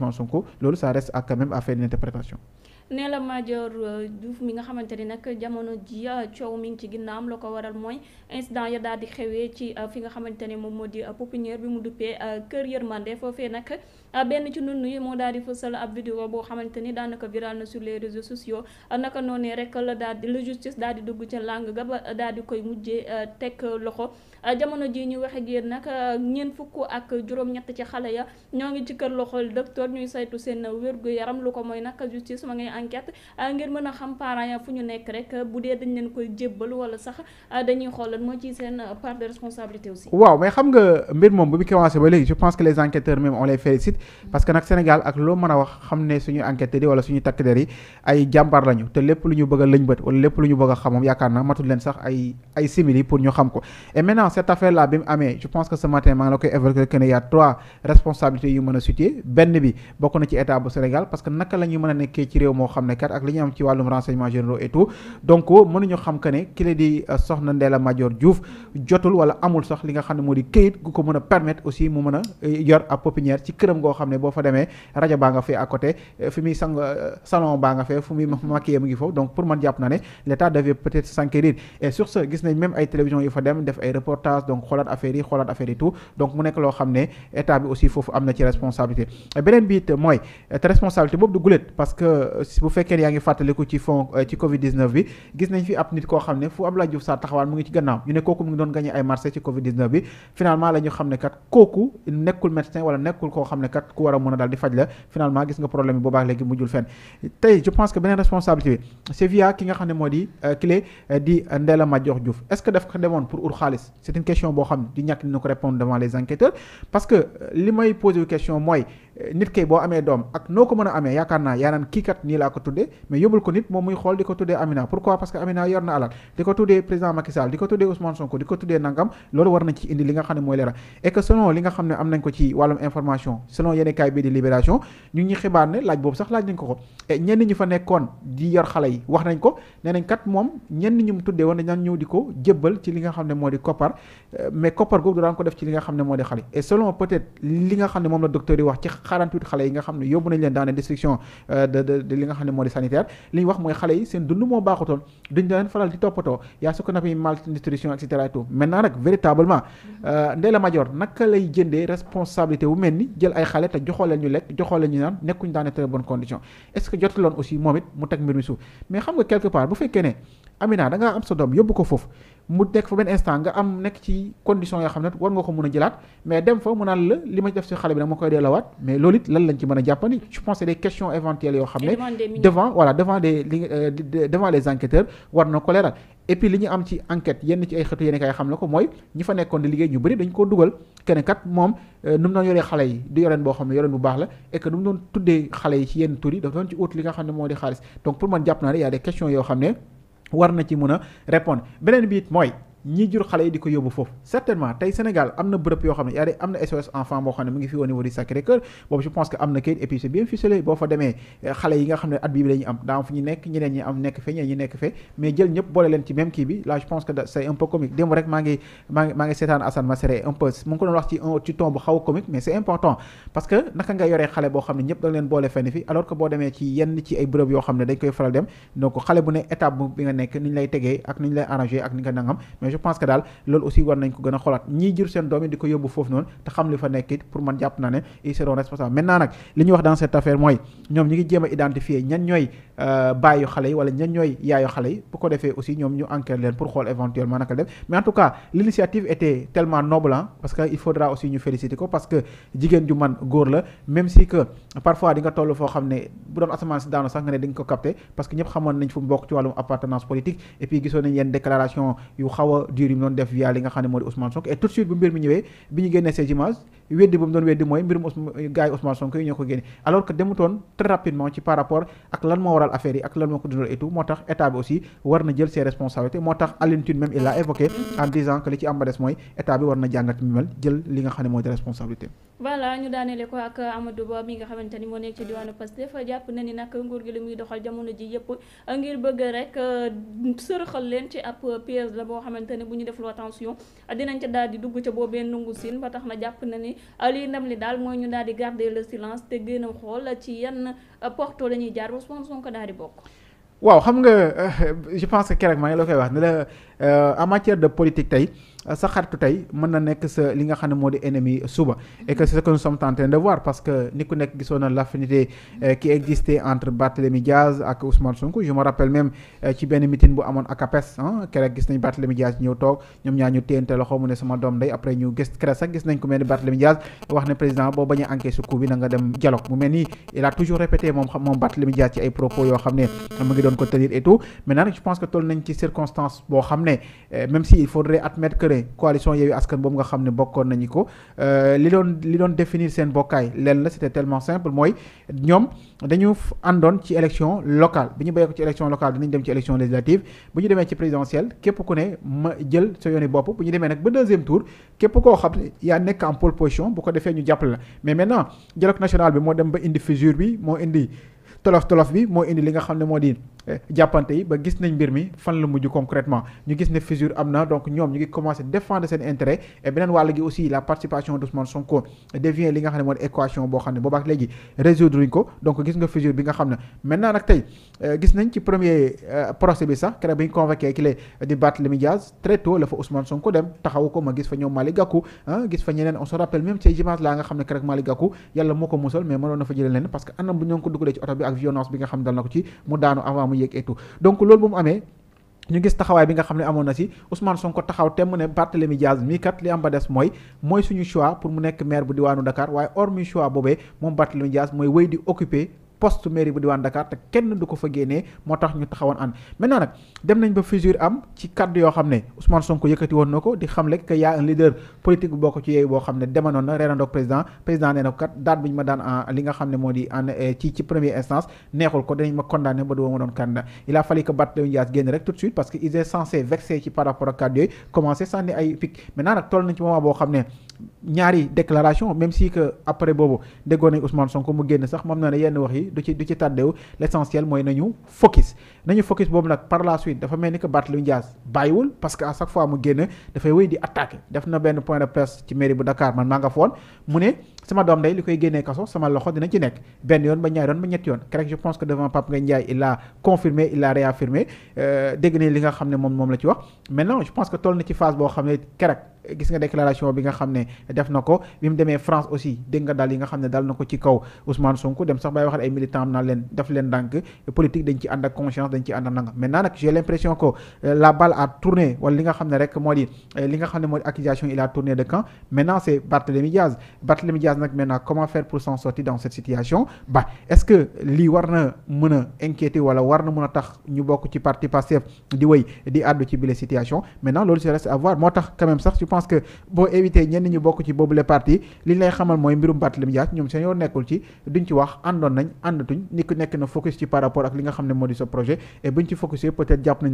Ousmane Sonko loolu sa reste à quand même à faire interprétation. nee la Madior euh, Diouf mi nga xamante ni nag jamono ji euh, coow mi ngi ci ginnaam la ko waral mooy incident ya daal di xewee ci euh, fi nga xamante ne moom moo di pouponnière bi mu duppee kër yërmande foofee nag. Ah, benn ci nun yi moo daal di fësal ab vidéo boo xamante ni daanaka viral na sur les réseaux sociaux ah, naka noonee rek la daal di la justice daal di dugg ca langue ga ba daal di koy mujjee ah, teg loxo jamono jii ñu waxe génn yéen nag ñeent fukk ak juróom-ñett ci xale ya ñoo ngi ci kër loxol docteur ñuy saytu seen wérgu yaram lu ko mooy nag justice ma ngay enquête ngir mën a xam parents ya fu ñu nekk rek bu dee dañ leen koy jébbal wala sax dañuy xool lan moo ci seen part de responsabilité aussi. waaw mais bi commencé ba parce que nag Sénégal ak loo mën a wax xam ne suñu enquêteurs yi wala suñu takk der yi ay jàmbaar lañu te lépp lu ñu bëgg a lëñbët wala lépp lu ñu bëgg a xam moom yaakaar naa matul leen sax ay ay simili pour ñu xam ko et maintenant cette affaire là bi mu amee je pense que ce matin maa ngi la koy évoquer que ne a trois responsabilités yu mën a benn bi bokk na ci état bu Sénégal parce que naka la ñu mën a nekkee ci réew moo xam ne kat ak li ñu am ci wàllum renseignement généraux et ne ki la di euh, soxna Ndella Madior Diouf jotul wala amul sax li nga xam ne moo di këyit gu ko mën a permettre aussi mu mën a euh, yor ab boo xam ne boo fa demee rajo baa nga fee à côté fi muy sang euh, salon baa nga fee fu muy mhm. maquillé mu ngi foofu donc pour man jàpp na ne l' état devait peut être s'enquérir et sur ce gis nañ même ay télévision yu fa dem def ay reportage donc xoolaat affaire yi xoolaat affaire yi tout donc mu nekk loo xam ne état bi aussi foofu am na ci responsabilité beneen bi it mooy te responsabilité boobu du guléet parce que euh, bu fekkee yaa ngi fàttaliku ci euh, covid 19 bi gis ku war a mën a daal di faj la finalement gis nga problème bi boobaa léegi mujjul fenn tey je pense que beneen responsabilité bi c'est via ki nga xam ne moo di euh, clé euh, di euh, Ndella Madior Diouf est-ce que daf ko demoon pour ut xaalis c'est une question boo xam ne di ñàkk dina ko répondre devant les enquêteurs parce que li may poser question mooy nit kay boo amee doom ak noo ko mën a amee yaakaar naa yaa naan kii kat nii laa ko tuddee mais yóbbul ko nit moom muy xool di ko tuddee Amina pourquoi parce que Amina yor na alal di ko tuddee président Macky di ko tuddee Ousmane Sonko di ko tuddee nangam loolu war nañ ci indi li nga xam ne mooy leeral et que selon li nga xam ne am nañ yi wax ci xam 48 xale yi nga xam ne yóbbu nañ leen dans les restrictions euh, de de li nga xam ne moo di sanitaire li ñu wax mooy xale yi seen dund moo baaxutoon duñ leen faral di toppatoo yaa su ko nappee malnutrition et cetera et tout maintenant nag véritablement euh, Ndella Madior naka lay jëndee responsabilité bu mel ni jël ay xale te joxoo leen ñu lekk joxoo leen ñu naan nekkuñ dans de très est ce que jotuloon aussi moom it mu teg mbir mi suuf mais Amina da ngaa am sa doom yóbbu ko foofu mu nekk fa benn instant nga am nekk ci condition yoo xam ne war nga ko mën a jëlaat mais dem fa mu naan la li ma ci def si xale bi nag ma koy delloowaat mais loolu it lan lañ ci mën a jàppandi je pense des questions éventuelles yoo xam ne devant voilà devant euh, li ñu am ci enquête yenn ci ay xëtu yenn kay xam ne ko mooy ñu fa nekkoon di liggéey ñu bëri dañ koo dugal kenn kat moom euh, nu mu doon yoree xale yi du yoreen boo xam ne yoreen bu baax la et que nu mu doon tuddee xale yi ci yenn tur yi dafa doon ci ut li nga xam ne moo di xaalis donc a des questions yoo xam war na ci mun a répondre beneen bi it mooy ñi jur xale yi di ko yóbbu foofu certainement tey Sénégal am na bërëb yoo xam ne yaa de am na SOS enfant boo xam ne mu ngi fi au niveau du Sacré-Cœur boobu je pense que am na kayit et puis eh, bi a yoo xam ne dañ koy faral dem donc xale bu ne étape bi nga nekk ni ñu lay tegee ak ni ñu lay arrangé ak ni nga nangam je pense que daal loolu aussi war nañ ko gën a xoolaat ñiy jur seen doom yi di ko yóbbu foofu noonu te xam li fa nekk pour man jàpp naa ne ils seront responsables maintenant nag li ñu wax dans cette affaire mooy ñoom ñi ngi jéem a identifier ñan ñooy euh, bàyyu xale yi bu ko defee aussi ñoom ñu enquête leen pour xool éventuellement naka def mais en l'initiative était tellement noble parce que il faudra aussi ñu féliciter ko parce que jigéen ju man góor la même a xaw a diir yi mu doon def via li nga xam ne moo di Ousmane Sonko et tout suite bu mbir mi ñëwee bi ñu génnee ces images weddi ba mu doon weddi mooy mbirum gars yi Ousmane Sonko yi ñoo ko génne alors que demutoon très ci par rapport ak lan moo waral affaire yi ak lan moo ko dundal et tout moo tax état bi aussi war na jël ses responsabilités moo tax Alioune Tine même il évoqué en disant que des mooy état bi war na jàngat mi jël li nga xam ne moo voilà ñu daaneele ko ak Amadou Ba mi nga xamante ni moo nekk ci diwaanu Pastef jàpp na ni nag nguur gi li muy doxal jamono ji yëpp ngir bëgg rek euh, sërxal leen ci ab piège la boo xamante ne bu ñu def lu attention dinañ ca daal di dugg ca boobee nungu sin ba tax na jàpp na ni euh, lii ndam li daal mooy ñu daal di garder le silence te gën a xool ci yan euh, porto la ñuy jaar ba Sonko ko daal di bokk. waaw xam nga je pense que keroog maa ngi la wax ne la en matière de politique tey. Euh, sa xaritu tey mën na nekk sa li nga xam ne moo di ennemi suba et que c'est ce parce que ni ku nekk gisoon na l'affinité euh, qui entre Barthélémy Diaz ak Ousmane Sonko je me rappelle même euh, ci benn meeting bu amoon ak APES ah keroog gis nañ Barthélémy Diaz ñëw toog ñoom ñaar ñu téyante loxo mu ne sama doom day après ñu gis keroog sax gis nañ ko mel Barthélémy Diaz wax ne président boo bañ a coup bi na dem dialogue mu mel ni toujours secret coalition Yewwi Askan boobu nga xam ne bokkoon nañu ko euh, li doon li doon définir seen bokkaay leen la c'était tellement simple mooy ñoom dañu àndoon ci élection locale bi ñu béyee ko ci élection locale dinañ dem ci élection législative bu ñu demee ci présidentielle képp ku ne ma jël sa yooni bopp bu ñu demee nag ba deuxième tour képp koo xam ne yaa nekk en pole position bu ko defee ñu jàppale la mais maintenant dialogue national bi moo dem ba indi fissure bi moo indi li nga xam ne moo di jàppante yi ba gis nañ mbir mi fan la mujj concrètement ñu gis ne fissure am na donc ñoom ñu ngi commencé défendre seen intérêt et beneen wàll gi aussi la participation d'Ousmane Sonko devient li ko euh, euh, dem taxawu ko ma gis fa ñoom Malick Gakou gis fa ñeneen on se rappelle même ces images là nga xam ne keroog Malick Gakou yàlla moo ko musal mais mënoon na fa jëlee leen parce que anam bu ñoo ko dugalee ci oto bi ak violence bi nga xam ne dal na ko ci mu daanu avant yéeg et tout donc loolu bu mu amee ñu gis taxawaay bi nga xam ne amoon na si Ousmane Sonko taxaw temm ne Barthélemy Diaz mii kat li am ba des mooy mooy suñu choix pour mu nekk maire bu diwaanu Dakar waaye hormis choix boobee moom Barthélemy Diaz mooy wéy di occuper poste mairie bu diwaan Dakar te kenn du ko fa génnee moo tax ñu taxawoon ànd maintenant nag dem nañ ba fissure am ci kaddu yoo xam ne Ousmane Sonko yëkkati woon na ko di a un leader boo xam ne demanoon na reerandoog président président nee na ko kat date ah, li nga xam ne moo di ah, en eh, ci ci instance neexul ko danañ ma condamné ba du ma doon candidat il a fallu que Barthélémy génn rek tout de suite parce que il est censé vexé ci par rapport ak kaddu yooyu commencé sànni ay pic maintenant nag toll nañ ci moment boo xam ne ñaari déclaration même si que après boobu déggoo nañ Ousmane Sonko mu génn sax moom na ne yenn wax yi du ci du ci tàddeew l' essentiel mooy nañu focus nañu focus boobu nag par la suite dafa mel ni que Barthélémy Dias bàyyiwul parce que à chaque fois mu génn dafay wéy di attaqué def na benn point de presse ci mairie bu Dakar man maa nga foon mu ne sama doom day li koy génnee kaso sama loxo dina ci nekk benn yoon ba ñaari yoon ba ñetti yoon CREC je pense que devant Pape Ngagne Ndiaye il a confirmé il euh, dégg nañ li nga xam ne moom moom la ci wax maintenant je pense que toll na ci phase boo xam ne CREC gis nga déclaration bi nga xam ne def na ko bi mu demee France aussi dégg nga daal yi nga xam ne daal na ko ci kaw Ousmane Sonko dem sax bay waxal ay militants am naa leen def leen ndànk politique dañ euh, a tourné euh, a tourné de camp maintenant c'est nag maintenant comment faire pour s'en sortir dans cette situation ba est-ce war na mën a inquiéter wala war na mën a tax ñu bokk ci parti Pastef di wéy di àddu ci bile situation maintenant loolu ça reste à moo tax quand sax je pense que boo éviter ñenn ñu bokk ci boobule parti li ñu xamal mooy mbirum Barthélémy Dias ñoom seen yoon nekkul ci duñ ci wax àndoon nañ àndatuñ ni ku nekk na focus ci par rapport ak li nga xam ne moo sa projet buñ ci